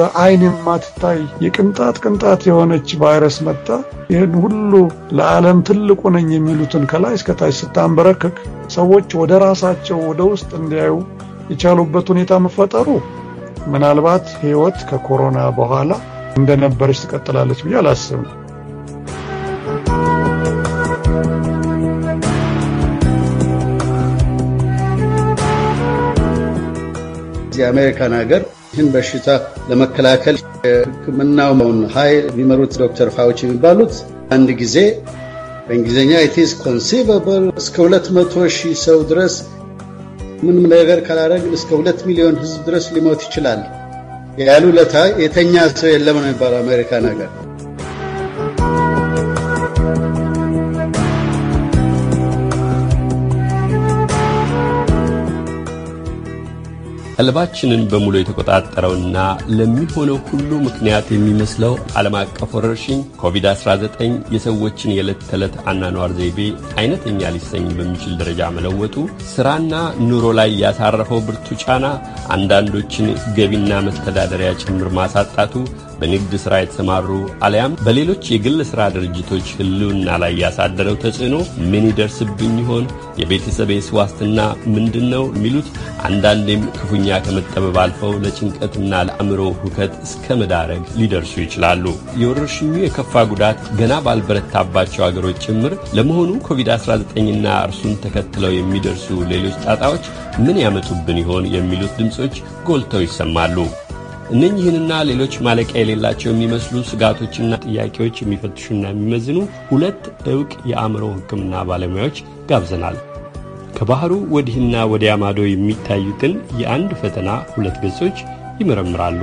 በአይን የማትታይ የቅንጣት ቅንጣት የሆነች ቫይረስ መጣ። ይህን ሁሉ ለዓለም ትልቁ ነኝ የሚሉትን ከላይ እስከታች ስታንበረክክ ሰዎች ወደ ራሳቸው ወደ ውስጥ እንዲያዩ የቻሉበት ሁኔታ መፈጠሩ ምናልባት ሕይወት ከኮሮና በኋላ እንደነበረች ትቀጥላለች ብዬ አላስብም። የአሜሪካን ሀገር ይህን በሽታ ለመከላከል የሕክምናውን ኃይል የሚመሩት ዶክተር ፋውች የሚባሉት አንድ ጊዜ በእንግሊዝኛ ኢትስ ኮንሲቨብል እስከ 200 ሺህ ሰው ድረስ ምንም ነገር ካላረግ እስከ 2 ሚሊዮን ህዝብ ድረስ ሊሞት ይችላል ያሉ ለታ የተኛ ሰው የለም ነው የሚባለው አሜሪካ ነገር ቀልባችንን በሙሉ የተቆጣጠረውና ለሚሆነው ሁሉ ምክንያት የሚመስለው ዓለም አቀፍ ወረርሽኝ ኮቪድ-19 የሰዎችን የዕለት ተዕለት አናኗር ዘይቤ አይነተኛ ሊሰኝ በሚችል ደረጃ መለወጡ፣ ሥራና ኑሮ ላይ ያሳረፈው ብርቱ ጫና፣ አንዳንዶችን ገቢና መተዳደሪያ ጭምር ማሳጣቱ በንግድ ሥራ የተሰማሩ አሊያም በሌሎች የግል ሥራ ድርጅቶች ህልውና ላይ ያሳደረው ተጽዕኖ ምን ይደርስብኝ ይሆን? የቤተሰቤስ ዋስትና ምንድን ነው? የሚሉት አንዳንዴም ክፉኛ ከመጠበብ አልፈው ለጭንቀትና ለአእምሮ ሁከት እስከ መዳረግ ሊደርሱ ይችላሉ። የወረርሽኙ የከፋ ጉዳት ገና ባልበረታባቸው አገሮች ጭምር ለመሆኑ ኮቪድ-19ና እርሱን ተከትለው የሚደርሱ ሌሎች ጣጣዎች ምን ያመጡብን ይሆን? የሚሉት ድምፆች ጎልተው ይሰማሉ። እነኚህንና ሌሎች ማለቂያ የሌላቸው የሚመስሉ ስጋቶችና ጥያቄዎች የሚፈትሹና የሚመዝኑ ሁለት እውቅ የአእምሮ ሕክምና ባለሙያዎች ጋብዘናል። ከባህሩ ወዲህና ወዲያ ማዶ የሚታዩትን የአንድ ፈተና ሁለት ገጾች ይመረምራሉ።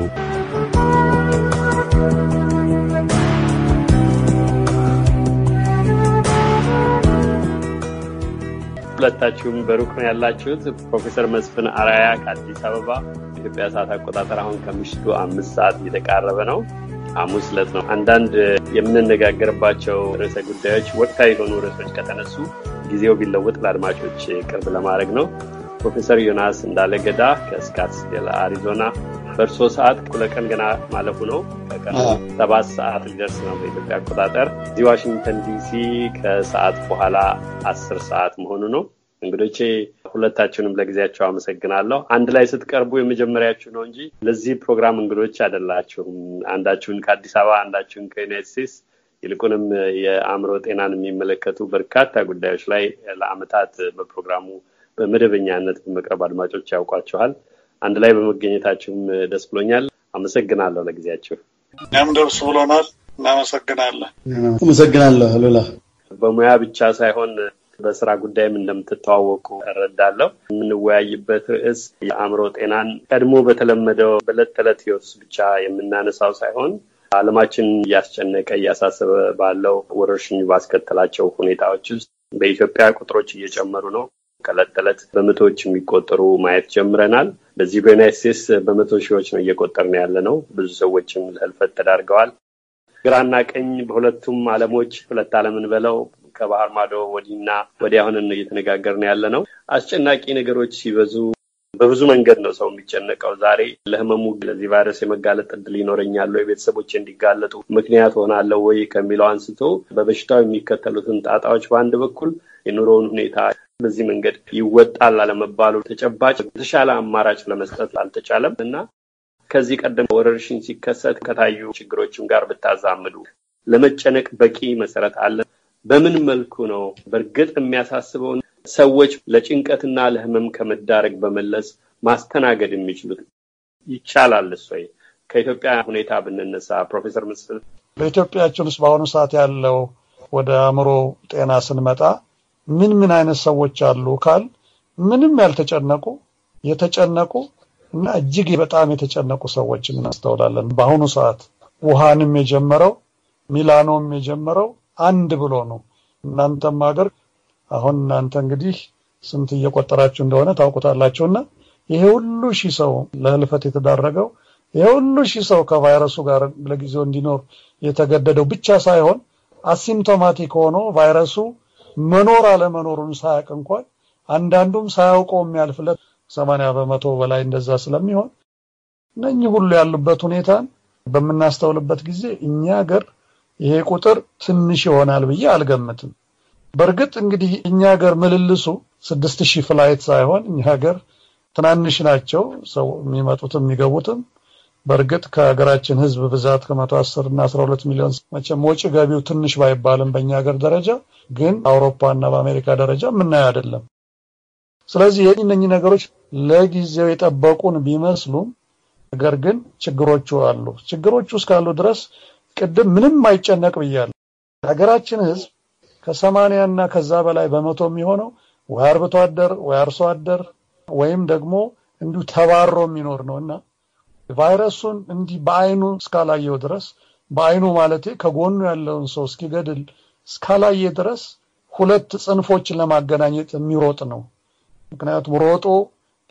ሁለታችሁም በሩቅ ነው ያላችሁት። ፕሮፌሰር መስፍን አራያ ከአዲስ አበባ በኢትዮጵያ ሰዓት አቆጣጠር አሁን ከምሽቱ አምስት ሰዓት እየተቃረበ ነው። ሐሙስ ዕለት ነው። አንዳንድ የምንነጋገርባቸው ርዕሰ ጉዳዮች ወቅታዊ የሆኑ ርዕሶች ከተነሱ ጊዜው ቢለወጥ ለአድማጮች ቅርብ ለማድረግ ነው። ፕሮፌሰር ዮናስ እንዳለገዳ ገዳ ከስካትስዴል አሪዞና በእርሶ ሰዓት ኩለቀን ገና ማለፉ ነው። ከቀኑ ሰባት ሰዓት ሊደርስ ነው በኢትዮጵያ አቆጣጠር። እዚህ ዋሽንግተን ዲሲ ከሰዓት በኋላ አስር ሰዓት መሆኑ ነው። እንግዶቼ ሁለታችሁንም ለጊዜያቸው አመሰግናለሁ። አንድ ላይ ስትቀርቡ የመጀመሪያችሁ ነው እንጂ ለዚህ ፕሮግራም እንግዶች አይደላችሁም። አንዳችሁን ከአዲስ አበባ፣ አንዳችሁን ከዩናይት ስቴትስ ይልቁንም የአእምሮ ጤናን የሚመለከቱ በርካታ ጉዳዮች ላይ ለአመታት በፕሮግራሙ በመደበኛነት በመቅረብ አድማጮች ያውቋችኋል። አንድ ላይ በመገኘታችሁም ደስ ብሎኛል። አመሰግናለሁ ለጊዜያችሁ። እኛም ደርሱ ብሎናል። እናመሰግናለን። አመሰግናለሁ ሉላ በሙያ ብቻ ሳይሆን በስራ ጉዳይም እንደምትተዋወቁ እረዳለሁ። የምንወያይበት ርዕስ የአእምሮ ጤናን ቀድሞ በተለመደው በዕለት ተዕለት ህይወት ብቻ የምናነሳው ሳይሆን ዓለማችን እያስጨነቀ እያሳሰበ ባለው ወረርሽኝ ባስከተላቸው ሁኔታዎች ውስጥ በኢትዮጵያ ቁጥሮች እየጨመሩ ነው። ከዕለት ተዕለት በመቶዎች የሚቆጠሩ ማየት ጀምረናል። በዚህ በዩናይት ስቴትስ በመቶ ሺዎች ነው ነው ያለ ነው። ብዙ ሰዎችም ለህልፈት ተዳርገዋል። ግራና ቀኝ በሁለቱም ዓለሞች ሁለት ዓለምን በለው ከባህር ማዶ ወዲህና ወዲያ እየተነጋገርን ያለ ነው። አስጨናቂ ነገሮች ሲበዙ በብዙ መንገድ ነው ሰው የሚጨነቀው። ዛሬ ለህመሙ ለዚህ ቫይረስ የመጋለጥ እድል ይኖረኛል ወይ፣ ቤተሰቦች እንዲጋለጡ ምክንያት ሆናለሁ ወይ ከሚለው አንስቶ በበሽታው የሚከተሉትን ጣጣዎች በአንድ በኩል የኑሮውን ሁኔታ በዚህ መንገድ ይወጣል አለመባሉ ተጨባጭ የተሻለ አማራጭ ለመስጠት አልተቻለም እና ከዚህ ቀደም ወረርሽኝ ሲከሰት ከታዩ ችግሮችም ጋር ብታዛምዱ ለመጨነቅ በቂ መሰረት አለን በምን መልኩ ነው በእርግጥ የሚያሳስበውን ሰዎች ለጭንቀትና ለህመም ከመዳረግ በመለስ ማስተናገድ የሚችሉት ይቻላል? እስ ወይ ከኢትዮጵያ ሁኔታ ብንነሳ ፕሮፌሰር ምስል በኢትዮጵያችን ውስጥ በአሁኑ ሰዓት ያለው ወደ አእምሮ ጤና ስንመጣ ምን ምን አይነት ሰዎች አሉ ካል ምንም ያልተጨነቁ የተጨነቁ እና እጅግ በጣም የተጨነቁ ሰዎች እናስተውላለን። በአሁኑ ሰዓት ውሃንም የጀመረው ሚላኖም የጀመረው አንድ ብሎ ነው። እናንተም ሀገር አሁን እናንተ እንግዲህ ስንት እየቆጠራችሁ እንደሆነ ታውቁታላችሁና ይሄ ሁሉ ሺህ ሰው ለህልፈት የተዳረገው ይሄ ሁሉ ሺህ ሰው ከቫይረሱ ጋር ለጊዜው እንዲኖር የተገደደው ብቻ ሳይሆን አሲምቶማቲክ ሆኖ ቫይረሱ መኖር አለመኖሩን ሳያውቅ እንኳን አንዳንዱም ሳያውቀው የሚያልፍለት ሰማንያ በመቶ በላይ እንደዛ ስለሚሆን እነኚህ ሁሉ ያሉበት ሁኔታን በምናስተውልበት ጊዜ እኛ ሀገር ይሄ ቁጥር ትንሽ ይሆናል ብዬ አልገምትም። በእርግጥ እንግዲህ እኛ ሀገር ምልልሱ ስድስት ሺህ ፍላይት ሳይሆን እኛ ሀገር ትናንሽ ናቸው ሰው የሚመጡትም የሚገቡትም። በእርግጥ ከሀገራችን ህዝብ ብዛት ከመቶ አስር እና አስራ ሁለት ሚሊዮን መቼም ወጪ ገቢው ትንሽ ባይባልም በእኛ ሀገር ደረጃ ግን አውሮፓ እና በአሜሪካ ደረጃ የምናየው አይደለም። ስለዚህ የእነኚህ ነገሮች ለጊዜው የጠበቁን ቢመስሉም ነገር ግን ችግሮቹ አሉ። ችግሮቹ እስካሉ ድረስ ቅድም ምንም አይጨነቅ ብያለሁ። የሀገራችን ህዝብ ከሰማንያ እና ከዛ በላይ በመቶ የሚሆነው ወይ አርብቶ አደር ወይ አርሶ አደር ወይም ደግሞ እንዲሁ ተባሮ የሚኖር ነው እና ቫይረሱን እንዲህ በአይኑ እስካላየው ድረስ በአይኑ ማለቴ ከጎኑ ያለውን ሰው እስኪገድል እስካላየ ድረስ ሁለት ጽንፎችን ለማገናኘት የሚሮጥ ነው። ምክንያቱም ሮጦ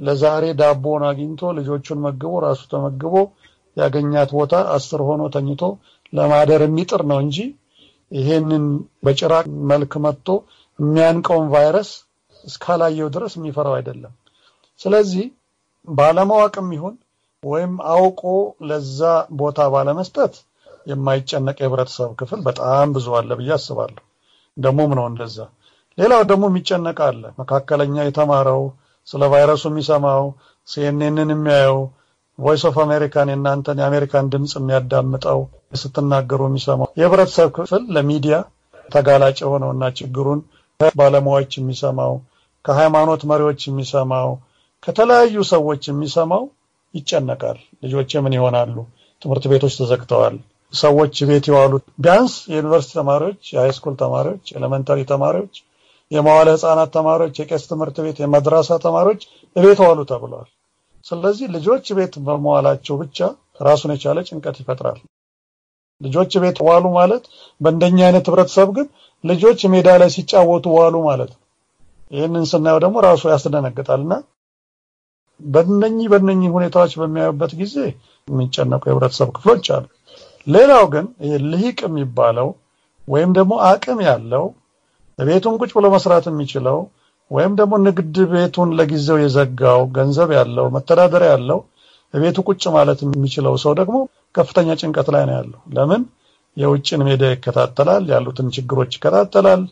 ለዛሬ ዳቦን አግኝቶ ልጆቹን መግቦ ራሱ ተመግቦ ያገኛት ቦታ አስር ሆኖ ተኝቶ ለማደር የሚጥር ነው እንጂ ይሄንን በጭራቅ መልክ መጥቶ የሚያንቀውን ቫይረስ እስካላየው ድረስ የሚፈራው አይደለም። ስለዚህ ባለማወቅም ይሁን ወይም አውቆ ለዛ ቦታ ባለመስጠት የማይጨነቅ የህብረተሰብ ክፍል በጣም ብዙ አለ ብዬ አስባለሁ። ደግሞም ነው እንደዛ። ሌላው ደግሞ የሚጨነቅ አለ፣ መካከለኛ የተማረው ስለ ቫይረሱ የሚሰማው ሲኤንኤንን የሚያየው ቮይስ ኦፍ አሜሪካን የእናንተን የአሜሪካን ድምፅ የሚያዳምጠው ስትናገሩ የሚሰማው የህብረተሰብ ክፍል ለሚዲያ ተጋላጭ የሆነውና ችግሩን ከባለሙያዎች የሚሰማው ከሃይማኖት መሪዎች የሚሰማው ከተለያዩ ሰዎች የሚሰማው ይጨነቃል። ልጆች ምን ይሆናሉ? ትምህርት ቤቶች ተዘግተዋል። ሰዎች ቤት የዋሉት ቢያንስ የዩኒቨርሲቲ ተማሪዎች፣ የሃይስኩል ተማሪዎች፣ ኤሌመንታሪ ተማሪዎች፣ የመዋለ ህፃናት ተማሪዎች፣ የቄስ ትምህርት ቤት፣ የመድራሳ ተማሪዎች ቤት ዋሉ ተብለዋል። ስለዚህ ልጆች ቤት በመዋላቸው ብቻ ራሱን የቻለ ጭንቀት ይፈጥራል። ልጆች ቤት ዋሉ ማለት በእንደኛ አይነት ህብረተሰብ ግን ልጆች ሜዳ ላይ ሲጫወቱ ዋሉ ማለት ነው። ይህንን ስናየው ደግሞ ራሱ ያስደነግጣልና በነኚህ በነኚህ ሁኔታዎች በሚያዩበት ጊዜ የሚጨነቁ የህብረተሰብ ክፍሎች አሉ። ሌላው ግን ልሂቅ የሚባለው ወይም ደግሞ አቅም ያለው ቤቱን ቁጭ ብሎ መስራት የሚችለው ወይም ደግሞ ንግድ ቤቱን ለጊዜው የዘጋው ገንዘብ ያለው መተዳደሪያ ያለው ቤቱ ቁጭ ማለት የሚችለው ሰው ደግሞ ከፍተኛ ጭንቀት ላይ ነው ያለው። ለምን የውጭን ሜዲያ ይከታተላል፣ ያሉትን ችግሮች ይከታተላል፣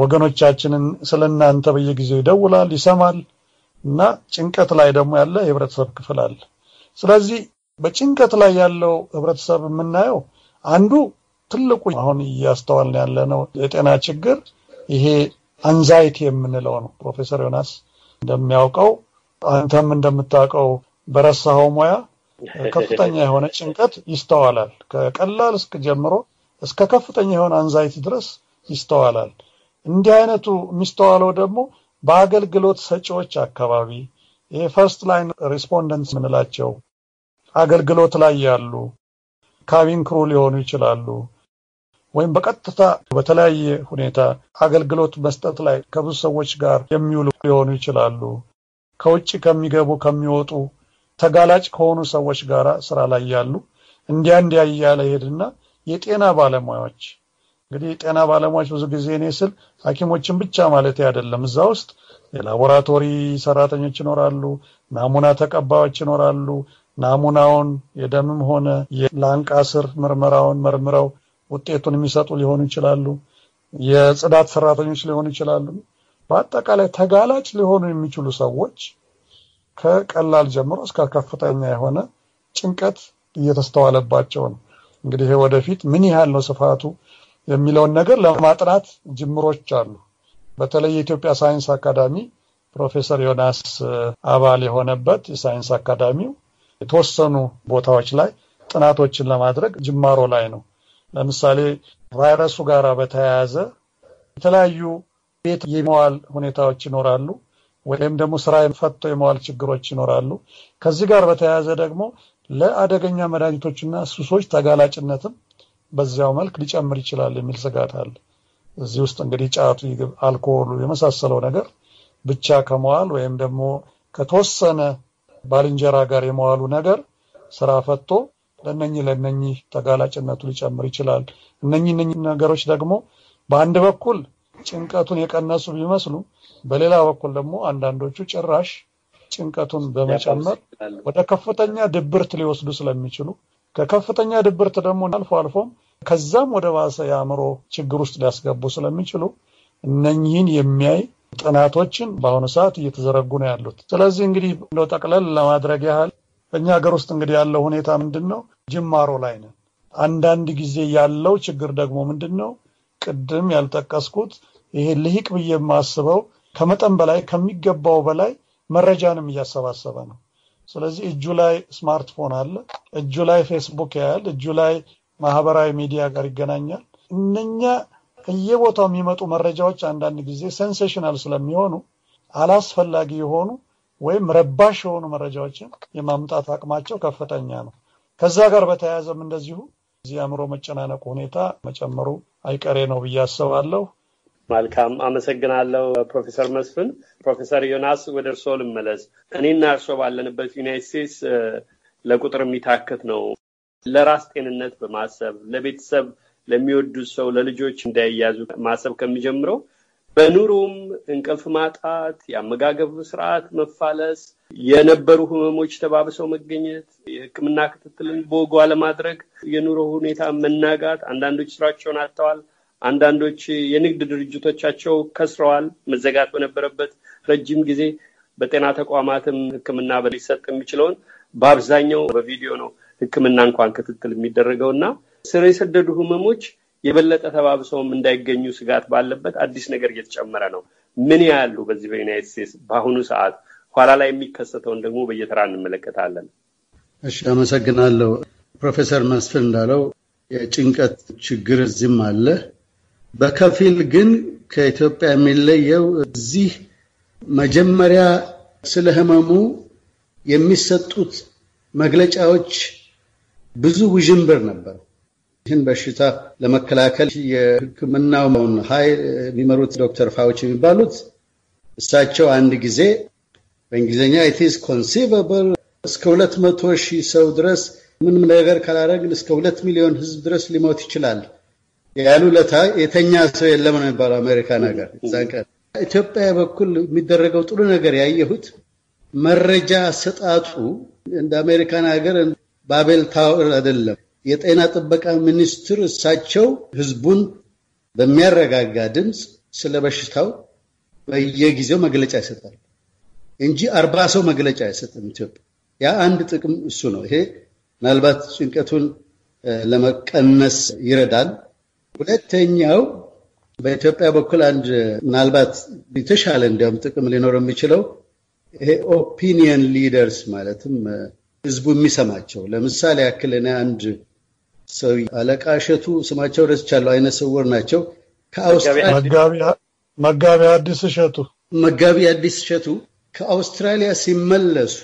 ወገኖቻችንን ስለ እናንተ በየጊዜው ይደውላል፣ ይሰማል እና ጭንቀት ላይ ደግሞ ያለ የህብረተሰብ ክፍል አለ። ስለዚህ በጭንቀት ላይ ያለው ህብረተሰብ የምናየው አንዱ ትልቁ አሁን እያስተዋልን ያለ ነው የጤና ችግር ይሄ አንዛይቲ የምንለው ነው። ፕሮፌሰር ዮናስ እንደሚያውቀው አንተም እንደምታውቀው በረሳኸው ሙያ ከፍተኛ የሆነ ጭንቀት ይስተዋላል። ከቀላል እስክ ጀምሮ እስከ ከፍተኛ የሆነ አንዛይቲ ድረስ ይስተዋላል። እንዲህ አይነቱ የሚስተዋለው ደግሞ በአገልግሎት ሰጪዎች አካባቢ ይሄ ፈርስት ላይን ሪስፖንደንት የምንላቸው አገልግሎት ላይ ያሉ ካቢን ክሩ ሊሆኑ ይችላሉ ወይም በቀጥታ በተለያየ ሁኔታ አገልግሎት መስጠት ላይ ከብዙ ሰዎች ጋር የሚውሉ ሊሆኑ ይችላሉ። ከውጭ ከሚገቡ ከሚወጡ ተጋላጭ ከሆኑ ሰዎች ጋር ስራ ላይ ያሉ እንዲያ እንዲያ እያለ ሄድና የጤና ባለሙያዎች እንግዲህ የጤና ባለሙያዎች ብዙ ጊዜ እኔ ስል ሐኪሞችን ብቻ ማለት አይደለም። እዛ ውስጥ የላቦራቶሪ ሰራተኞች ይኖራሉ፣ ናሙና ተቀባዮች ይኖራሉ። ናሙናውን የደምም ሆነ የላንቃ ምርመራውን መርምረው ውጤቱን የሚሰጡ ሊሆኑ ይችላሉ። የጽዳት ሰራተኞች ሊሆኑ ይችላሉ። በአጠቃላይ ተጋላጭ ሊሆኑ የሚችሉ ሰዎች ከቀላል ጀምሮ እስከ ከፍተኛ የሆነ ጭንቀት እየተስተዋለባቸው ነው። እንግዲህ ይሄ ወደፊት ምን ያህል ነው ስፋቱ የሚለውን ነገር ለማጥናት ጅምሮች አሉ። በተለይ የኢትዮጵያ ሳይንስ አካዳሚ ፕሮፌሰር ዮናስ አባል የሆነበት የሳይንስ አካዳሚው የተወሰኑ ቦታዎች ላይ ጥናቶችን ለማድረግ ጅማሮ ላይ ነው። ለምሳሌ ቫይረሱ ጋር በተያያዘ የተለያዩ ቤት የመዋል ሁኔታዎች ይኖራሉ፣ ወይም ደግሞ ስራ ፈቶ የመዋል ችግሮች ይኖራሉ። ከዚህ ጋር በተያያዘ ደግሞ ለአደገኛ መድኃኒቶችና ሱሶች ተጋላጭነትም በዚያው መልክ ሊጨምር ይችላል የሚል ስጋት አለ። እዚህ ውስጥ እንግዲህ ጫቱ፣ አልኮሆሉ የመሳሰለው ነገር ብቻ ከመዋል ወይም ደግሞ ከተወሰነ ባልንጀራ ጋር የመዋሉ ነገር ስራ ፈቶ ለነኚህ ለነኚህ ተጋላጭነቱ ሊጨምር ይችላል። እነኚህ እነኚህ ነገሮች ደግሞ በአንድ በኩል ጭንቀቱን የቀነሱ ቢመስሉ፣ በሌላ በኩል ደግሞ አንዳንዶቹ ጭራሽ ጭንቀቱን በመጨመር ወደ ከፍተኛ ድብርት ሊወስዱ ስለሚችሉ ከከፍተኛ ድብርት ደግሞ አልፎ አልፎም ከዛም ወደ ባሰ የአእምሮ ችግር ውስጥ ሊያስገቡ ስለሚችሉ እነኚህን የሚያይ ጥናቶችን በአሁኑ ሰዓት እየተዘረጉ ነው ያሉት። ስለዚህ እንግዲህ እንደው ጠቅለል ለማድረግ ያህል በእኛ ሀገር ውስጥ እንግዲህ ያለው ሁኔታ ምንድን ነው? ጅማሮ ላይ ነን። አንዳንድ ጊዜ ያለው ችግር ደግሞ ምንድን ነው? ቅድም ያልጠቀስኩት ይሄ ልሂቅ ብዬ የማስበው ከመጠን በላይ ከሚገባው በላይ መረጃንም እያሰባሰበ ነው። ስለዚህ እጁ ላይ ስማርትፎን አለ፣ እጁ ላይ ፌስቡክ ያያል፣ እጁ ላይ ማህበራዊ ሚዲያ ጋር ይገናኛል። እነኛ ከየቦታው የሚመጡ መረጃዎች አንዳንድ ጊዜ ሴንሴሽናል ስለሚሆኑ አላስፈላጊ የሆኑ ወይም ረባሽ የሆኑ መረጃዎችን የማምጣት አቅማቸው ከፍተኛ ነው። ከዛ ጋር በተያያዘም እንደዚሁ እዚህ አእምሮ መጨናነቁ ሁኔታ መጨመሩ አይቀሬ ነው ብዬ አስባለሁ። መልካም አመሰግናለሁ ፕሮፌሰር መስፍን። ፕሮፌሰር ዮናስ ወደ እርስዎ ልመለስ። እኔና እርስዎ ባለንበት ዩናይት ስቴትስ ለቁጥር የሚታክት ነው። ለራስ ጤንነት በማሰብ ለቤተሰብ ለሚወዱት ሰው ለልጆች እንዳይያዙ ማሰብ ከሚጀምረው በኑሮም እንቅልፍ ማጣት፣ የአመጋገብ ስርዓት መፋለስ፣ የነበሩ ህመሞች ተባብሰው መገኘት፣ የህክምና ክትትልን በወጉ አለማድረግ፣ የኑሮ ሁኔታ መናጋት፣ አንዳንዶች ስራቸውን አጥተዋል። አንዳንዶች የንግድ ድርጅቶቻቸው ከስረዋል። መዘጋት በነበረበት ረጅም ጊዜ በጤና ተቋማትም ህክምና ሊሰጥ የሚችለውን በአብዛኛው በቪዲዮ ነው ህክምና እንኳን ክትትል የሚደረገው እና ስር የሰደዱ ህመሞች የበለጠ ተባብሰውም እንዳይገኙ ስጋት ባለበት አዲስ ነገር እየተጨመረ ነው። ምን ያሉ በዚህ በዩናይትድ ስቴትስ በአሁኑ ሰዓት ኋላ ላይ የሚከሰተውን ደግሞ በየተራ እንመለከታለን። እሺ፣ አመሰግናለሁ። ፕሮፌሰር መስፍን እንዳለው የጭንቀት ችግር እዚህም አለ። በከፊል ግን ከኢትዮጵያ የሚለየው እዚህ መጀመሪያ ስለ ህመሙ የሚሰጡት መግለጫዎች ብዙ ውዥንብር ነበር። ይህን በሽታ ለመከላከል የሕክምናውን ኃይል የሚመሩት ዶክተር ፋውች የሚባሉት እሳቸው አንድ ጊዜ በእንግሊዝኛ ኢትስ ኮንሲቨብል እስከ ሁለት መቶ ሺህ ሰው ድረስ ምንም ነገር ካላደረግን እስከ ሁለት ሚሊዮን ህዝብ ድረስ ሊሞት ይችላል ያሉ ለታ የተኛ ሰው የለም ነው የሚባለው አሜሪካ ነገር። ኢትዮጵያ በኩል የሚደረገው ጥሩ ነገር ያየሁት መረጃ አሰጣጡ እንደ አሜሪካን ሀገር ባቤል ታወር አይደለም። የጤና ጥበቃ ሚኒስትር እሳቸው ህዝቡን በሚያረጋጋ ድምፅ ስለ በሽታው በየጊዜው መግለጫ ይሰጣል እንጂ አርባ ሰው መግለጫ አይሰጥም። ኢትዮጵያ ያ አንድ ጥቅም እሱ ነው። ይሄ ምናልባት ጭንቀቱን ለመቀነስ ይረዳል። ሁለተኛው በኢትዮጵያ በኩል አንድ ምናልባት የተሻለ እንዲያውም ጥቅም ሊኖር የሚችለው ይሄ ኦፒኒየን ሊደርስ ማለትም ህዝቡ የሚሰማቸው ለምሳሌ ያክል እኔ አንድ ሰው አለቃ እሸቱ ስማቸው ረስቻለሁ፣ አይነ ስውር ናቸው። መጋቢ አዲስ እሸቱ መጋቢ አዲስ እሸቱ ከአውስትራሊያ ሲመለሱ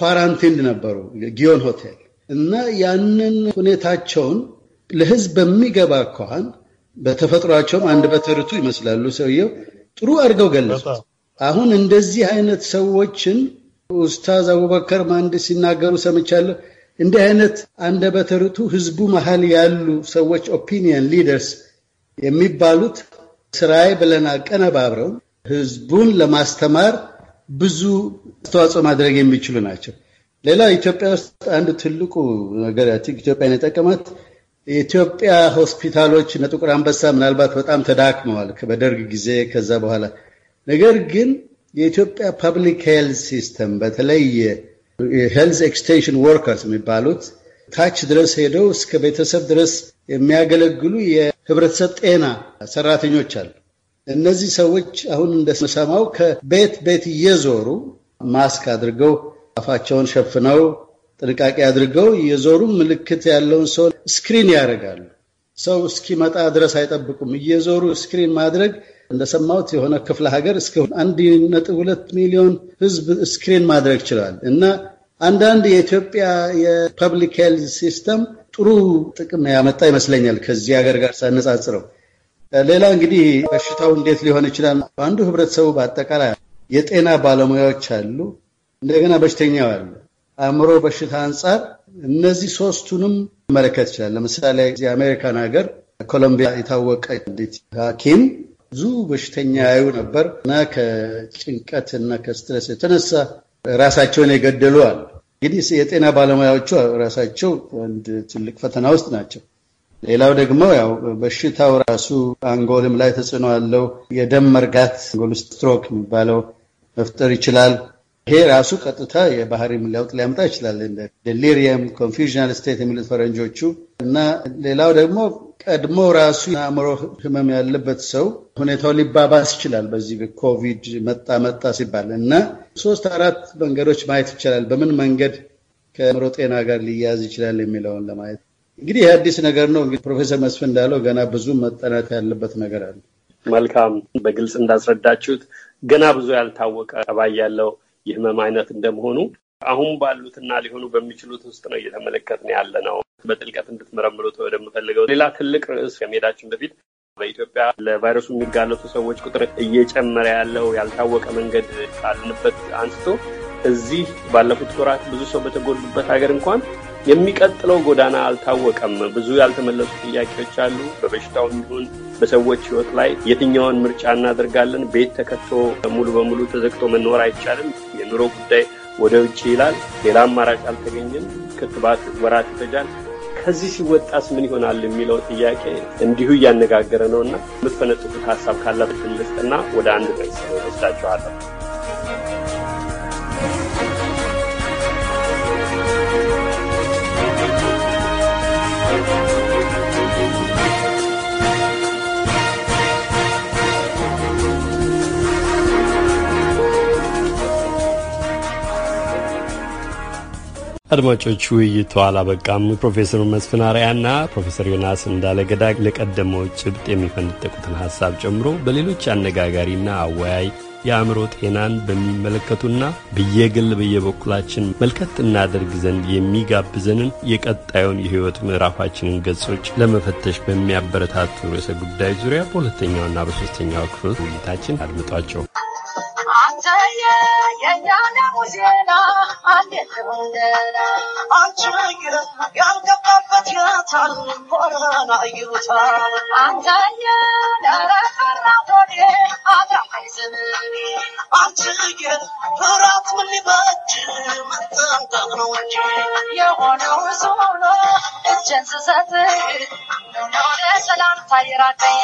ኳራንቲን ነበሩ ጊዮን ሆቴል እና ያንን ሁኔታቸውን ለህዝብ በሚገባ እንኳን በተፈጥሯቸውም አንድ በትርቱ ይመስላሉ ሰውየው ጥሩ አድርገው ገለጹት። አሁን እንደዚህ አይነት ሰዎችን ኡስታዝ አቡበከር ማንድ ሲናገሩ ሰምቻለሁ። እንዲህ አይነት አንደበተ ርቱዕ ህዝቡ መሀል ያሉ ሰዎች ኦፒኒየን ሊደርስ የሚባሉት ስራዬ ብለን አቀነባብረው ህዝቡን ለማስተማር ብዙ አስተዋጽኦ ማድረግ የሚችሉ ናቸው። ሌላ ኢትዮጵያ ውስጥ አንድ ትልቁ ነገር ኢትዮጵያን የጠቀማት የኢትዮጵያ ሆስፒታሎች እነ ጥቁር አንበሳ ምናልባት በጣም ተዳክመዋል በደርግ ጊዜ ከዛ በኋላ ነገር ግን የኢትዮጵያ ፐብሊክ ሄልት ሲስተም በተለየ የሄልዝ ኤክስቴንሽን ወርከርስ የሚባሉት ታች ድረስ ሄደው እስከ ቤተሰብ ድረስ የሚያገለግሉ የህብረተሰብ ጤና ሰራተኞች አሉ። እነዚህ ሰዎች አሁን እንደሰማው ከቤት ቤት እየዞሩ ማስክ አድርገው አፋቸውን ሸፍነው ጥንቃቄ አድርገው እየዞሩ ምልክት ያለውን ሰው ስክሪን ያደርጋሉ። ሰው እስኪመጣ ድረስ አይጠብቁም። እየዞሩ ስክሪን ማድረግ እንደሰማሁት የሆነ ክፍለ ሀገር እስከ አንድ ነጥብ ሁለት ሚሊዮን ህዝብ ስክሪን ማድረግ ችሏል እና አንዳንድ የኢትዮጵያ የፐብሊክ ሄልዝ ሲስተም ጥሩ ጥቅም ያመጣ ይመስለኛል ከዚህ ሀገር ጋር ሳነጻጽረው። ሌላ እንግዲህ በሽታው እንዴት ሊሆን ይችላል? አንዱ ህብረተሰቡ በአጠቃላይ የጤና ባለሙያዎች አሉ፣ እንደገና በሽተኛው አሉ። አእምሮ በሽታ አንጻር እነዚህ ሶስቱንም መለከት ይችላል። ለምሳሌ የአሜሪካን ሀገር ኮሎምቢያ የታወቀ ሐኪም ብዙ በሽተኛ ያዩ ነበር እና ከጭንቀት እና ከስትረስ የተነሳ ራሳቸውን የገደሉ አሉ። እንግዲህ የጤና ባለሙያዎቹ ራሳቸው አንድ ትልቅ ፈተና ውስጥ ናቸው። ሌላው ደግሞ ያው በሽታው ራሱ አንጎልም ላይ ተጽዕኖ አለው። የደም መርጋት አንጎል ስትሮክ የሚባለው መፍጠር ይችላል። ይሄ ራሱ ቀጥታ የባህሪ ለውጥ ሊያመጣ ይችላል። ደሊሪየም ኮንፊዥናል ስቴት የሚሉት ፈረንጆቹ እና ሌላው ደግሞ ቀድሞ ራሱ የአእምሮ ህመም ያለበት ሰው ሁኔታው ሊባባስ ይችላል። በዚህ ኮቪድ መጣ መጣ ሲባል እና ሶስት አራት መንገዶች ማየት ይቻላል። በምን መንገድ ከአእምሮ ጤና ጋር ሊያያዝ ይችላል የሚለውን ለማየት እንግዲህ ይህ አዲስ ነገር ነው። እንግዲህ ፕሮፌሰር መስፍን እንዳለው ገና ብዙ መጠናት ያለበት ነገር አለ። መልካም፣ በግልጽ እንዳስረዳችሁት ገና ብዙ ያልታወቀ ጠባይ ያለው የህመም አይነት እንደመሆኑ አሁን ባሉትና ሊሆኑ በሚችሉት ውስጥ ነው እየተመለከትን ያለ ነው። በጥልቀት እንድትመረምሩት ወደምፈልገው ሌላ ትልቅ ርዕስ ከመሄዳችን በፊት በኢትዮጵያ ለቫይረሱ የሚጋለጡ ሰዎች ቁጥር እየጨመረ ያለው ያልታወቀ መንገድ ካለንበት አንስቶ እዚህ ባለፉት ወራት ብዙ ሰው በተጎዱበት ሀገር እንኳን የሚቀጥለው ጎዳና አልታወቀም። ብዙ ያልተመለሱ ጥያቄዎች አሉ። በበሽታው የሚሆን በሰዎች ሕይወት ላይ የትኛውን ምርጫ እናደርጋለን? ቤት ተከቶ ሙሉ በሙሉ ተዘግቶ መኖር አይቻልም። የኑሮ ጉዳይ ወደ ውጭ ይላል። ሌላ አማራጭ አልተገኘም። ክትባት ወራት ይፈጃል። ከዚህ ሲወጣስ ምን ይሆናል የሚለው ጥያቄ እንዲሁ እያነጋገረ ነው እና የምትፈነጥቁት ሀሳብ ካላት ልስጥና ወደ አንድ መልስ ወስዳችኋለሁ። አድማጮች ውይይቱ አላበቃም። ፕሮፌሰሩ መስፍን አርአያና ፕሮፌሰር ዮናስ እንዳለገዳ ለቀደመው ጭብጥ የሚፈነጠቁትን ሀሳብ ጨምሮ በሌሎች አነጋጋሪና አወያይ የአእምሮ ጤናን በሚመለከቱና በየግል በየበኩላችን መልከት እናደርግ ዘንድ የሚጋብዘንን የቀጣዩን የህይወት ምዕራፋችንን ገጾች ለመፈተሽ በሚያበረታቱ ርዕሰ ጉዳዮች ዙሪያ በሁለተኛውና በሶስተኛው ክፍል ውይይታችን አድምጧቸው። ዜና አንዴት ወንደና አንቺ ያልገባበት ያታል ኮረና እዩታል አንተየ ለረከራ ሆዴ አድራፋይ አንቺ ግን ፍራት ምን ሊበጅ መጠንቀቅ ነው እንጂ የሆነው ሰው እጄን ስሰጥ ሰላምታ የራቀኝ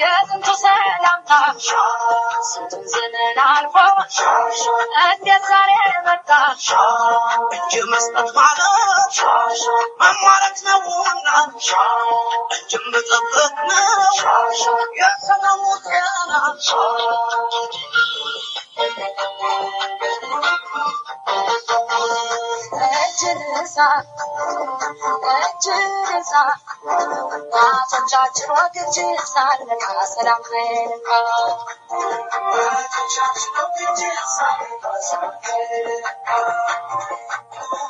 የጥንቱ ሰላምታ ስንቱን ዘመን አልፎ እንዴት ዛሬ እጅ መስጠት ማለት መማረት ነውና 越上那无边那山，哎吉丽山，哎吉丽山，那阵阵吉罗吉丽山，阿拉是人民山，那阵阵吉罗吉丽山，阿拉是人民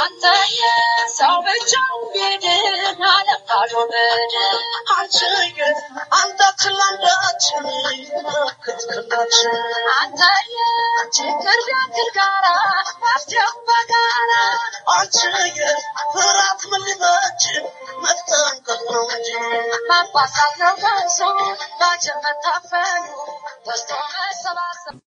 አንተ የሰው ብቻ ቤድን አለቃዶ በድን አንችግር አንዳችን ለአንዳችን ክትክላችን አንተ የችግር ዳክር ጋራ ማስደው በጋራ አንችግር ፍራት ምን ሊመችን መጠንቀቅ ነው እንጂ መባሳት ነው ከንሱ ባጀ መታፈኑ በስቶ መሰባሰብ